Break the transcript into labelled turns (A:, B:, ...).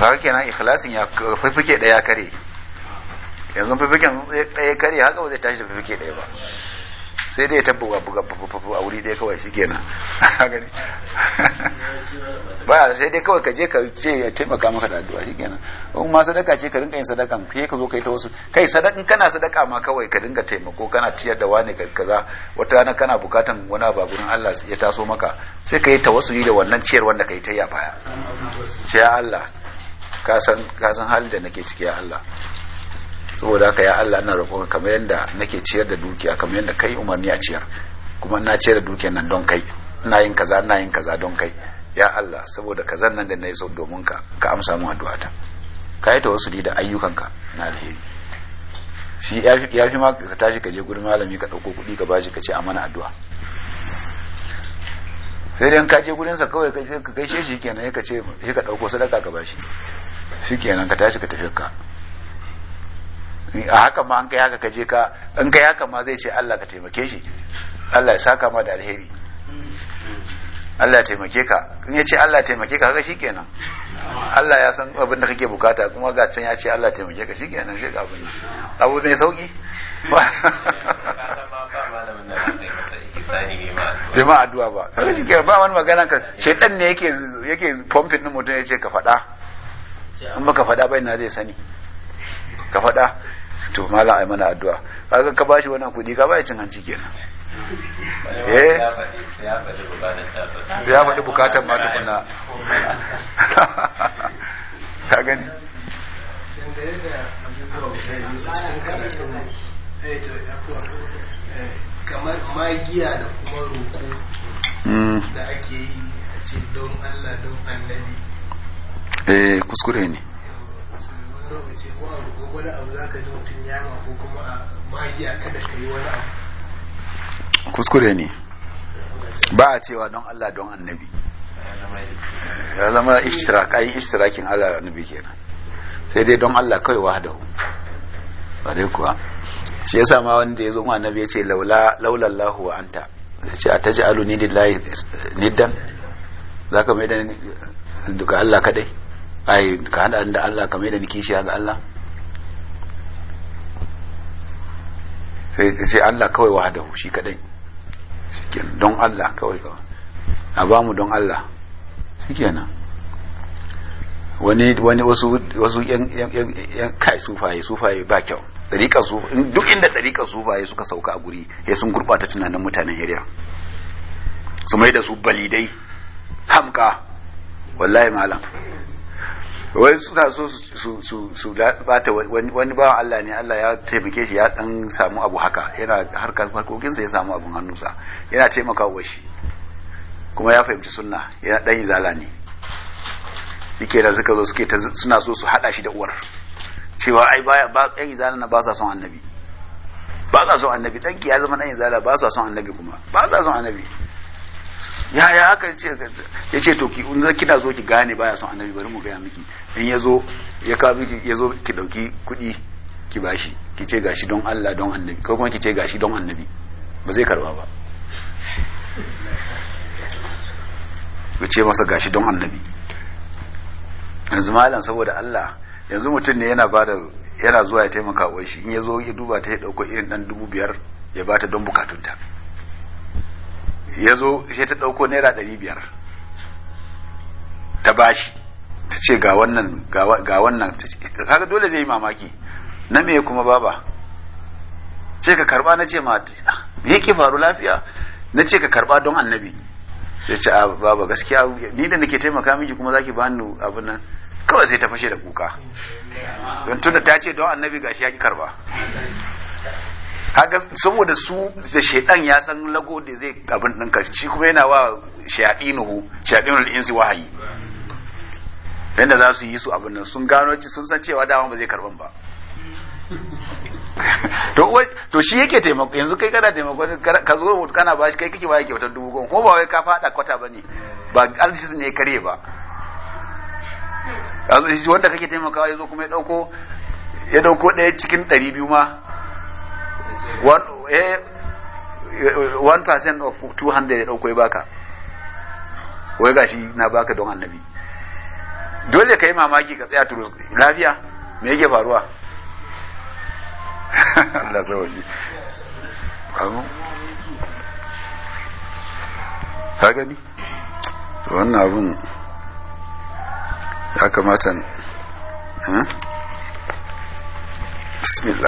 A: kaga kenan ikhlasin ya fifike daya kare yanzu fifiken daya kare haka ba zai tashi da fifike daya ba sai dai ya tabbuga buga fufufu a wuri daya kawai shikenan gani baya sai dai kawai ka je ka ce ya taimaka maka da addu'a shikenan in ma sadaka ce ka dinga yin sadakan sai ka zo kai ta wasu kai sadakan kana sadaka ma kawai ka dinga taimako kana ciyar da wani kaza wata rana kana bukatan wani ba gurin Allah ya taso maka sai ka yi ni da wannan ciyar wanda kai ta yi a baya ce Allah ka san hali da nake ciki ya Allah saboda haka ya Allah ina roƙon kamar yadda nake ciyar da dukiya kamar yadda kai umarni a ciyar kuma ina ciyar da dukiyar nan don kai ina yin kaza ina yin kaza don kai ya Allah saboda kazan nan da na yi so domin ka ka amsa mu ta ka yi wasu da ayyukanka na alheri shi ya fi ma ka tashi ka je gurin malami ka ɗauko kuɗi ka bashi ka ce a mana addu'a sai dai ka je gurin sa kawai ka gaishe shi kenan ya ka ce shi ka ɗauko sadaka ka bashi shikenan ka tashi ka tafi ka a haka ma an kai haka ka je ka an kai haka ma zai ce Allah ka taimake shi Allah ya saka ma da alheri Allah ya taimake ka in ya ce Allah ya taimake ka haka shikenan Allah ya san abin da kake bukata kuma ga can ya ce Allah ya taimake ka shikenan sai ka abin abu ne sauki bai ma addu'a ba haka shikenan ba wani magana ka shedan ne yake yake pumping din mutum ya ce ka faɗa an baka faɗa bai na zai sani ka faɗa to malam ai mana addu'a kaga ka bashi wannan kudi ka bai cin hanci kenan eh sai ya faɗi bukatar ma duk na ka gani kamar magiya da kuma roƙo da ake yi a ce don Allah don annabi eh kuskure ne kuskure ne ba a cewa don Allah don annabi ya zama ishtirak ayin ishtirakin Allah da annabi kenan sai dai don Allah kawai wahdahu ba dai kuwa shi yasa ma wanda ya zo mu annabi ya ce laula laulallahu wa anta ya ce a taji alu ni lillahi niddan za ka mai da duka Allah kadai ai ka hada da Allah kamar yadda nake shi ga Allah sai sai Allah kawai wahadahu shi kadai shikenan don Allah kawai kawai a ba mu don Allah shikenan wani wani wasu wasu yan yan kai sufaye sufaye ba kyau tsarika su duk inda tsarika sufaye suka sauka a guri ya sun gurbata tunanin mutanen area su mai da su balidai hamka wallahi malam wai suna so su bata wani bawan Allah ne Allah ya taimake shi ya dan samu abu haka yana harkar harkokinsa ya samu abun hannunsa yana taimaka wa shi kuma ya fahimci sunna yana dan izala ne yake da suka zo suke suna so su hada shi da uwar cewa ai baya ba ɗan izala na ba sa son annabi ba sa son annabi danki ya zama dan izala ba sa son annabi kuma ba sa son annabi ya ya aka ce ya ce to ki kina zo ki gane baya son annabi bari mu gaya miki in ya zo ya ka miki ya zo ki dauki kuɗi ki bashi ki ce gashi don Allah don annabi ko kuma ki ce gashi don annabi ba zai karba ba ku ce masa gashi don annabi yanzu malam saboda Allah yanzu mutum ne yana bada yana zuwa ya taimaka wa shi in ya zo ya duba ta ya dauko irin dan dubu biyar ya bata don bukatunta ya zo sai ta ɗauko naira ɗari biyar ta bashi ta ce ga wannan ga wannan kaga dole zai yi mamaki na me kuma baba ce ka karba na ce ma ah, yake faru lafiya na ce ka karba don annabi sai ce a ah, baba gaskiya ni da nake taimaka miki kuma zaki ba ni abin nan kawai sai ta fashe da kuka don tunda ta ce don annabi gashi ya ki karba kaga saboda su da shaidan ya san lago da zai abin ka shi kuma yana wa shayaɗinuhu shayaɗinul insi wahayi yadda za su yi su abin nan sun gano sun san cewa dama ba zai karban ba to to shi yake taimako yanzu kai kana taimako ka zo mutu kana ba shi kai ba yake wata dubu goma ko ba wai ka fada kwata ba ne ba alshis ne kare ba wanda kake taimakawa ya zo kuma ya dauko ya dauko ɗaya cikin ɗari biyu ma 1% eh, of 200 ya dauko ya baka wai gashi na baka don annabi dole ka yi mamaki ka tsaya turu lafiya me yake faruwa Allah amu ka gani wannan abun ya kamata eh? bismillah